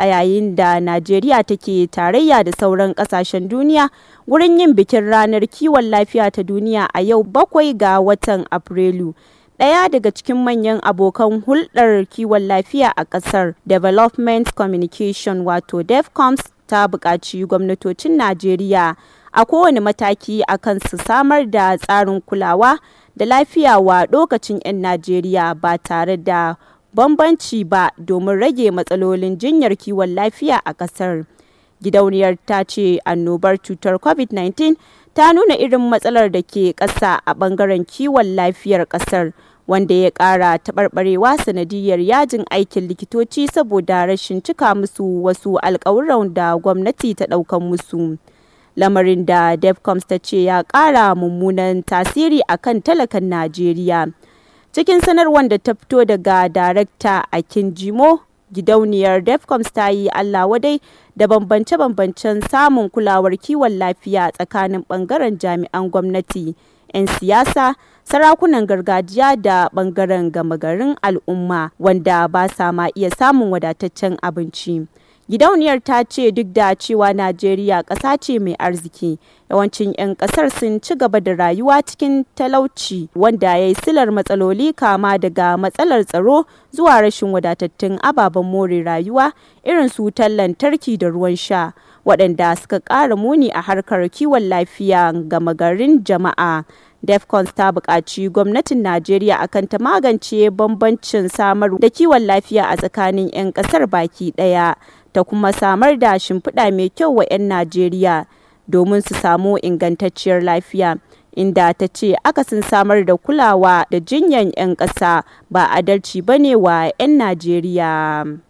a yayin da Najeriya take tarayya da sauran kasashen duniya wurin yin bikin ranar kiwon lafiya ta duniya a yau bakwai ga watan Afrilu. daya daga cikin manyan abokan hulɗar kiwon lafiya a ƙasar Development Communication wato DEFCOMS ta buƙaci gwamnatocin Najeriya a kowane mataki akan su samar da tsarin kulawa da lafiya wa lokacin 'yan Najeriya ba tare da bambanci ba domin rage matsalolin jinyar kiwon lafiya a kasar Gidauniyar ta ce annobar cutar COVID-19 ta nuna irin matsalar da ke ƙasa a ɓangaren kiwon lafiyar ƙasar wanda ya ƙara taɓarɓarewa sanadiyar yajin aikin likitoci saboda rashin cika musu wasu alƙawuran da gwamnati ta ɗaukan musu. Lamarin da DevComs ta ce ya ƙara mummunan tasiri akan talakan Najeriya. cikin sanarwar da ta fito daga darakta a kinjimo gidauniyar defcoms ta yi allah wadai da bambance-bambancen samun kulawar kiwon lafiya tsakanin bangaren jami'an gwamnati 'yan siyasa sarakunan gargajiya da bangaren gama garin al'umma wanda ba sa ma iya samun wadataccen abinci Gidauniyar ta ce duk da cewa Najeriya ƙasa ce mai arziki, yawancin 'yan ƙasar sun ci gaba da rayuwa cikin talauci wanda ya yi silar matsaloli kama daga matsalar tsaro zuwa rashin wadatattun ababen more rayuwa irin su wutar lantarki da ruwan sha. waɗanda suka ƙara muni a harkar kiwon lafiya gama garin jama'a. defcon ta buƙaci gwamnatin najeriya akan ta magance bambancin samar da kiwon lafiya a tsakanin 'yan ƙasar baki ɗaya ta kuma samar da shimfiɗa mai kyau wa 'yan Najeriya domin su samu ingantacciyar lafiya. Inda ta ce aka sun samar da kulawa da jinyan 'yan ƙasa ba adalci ba ne wa 'yan Najeriya.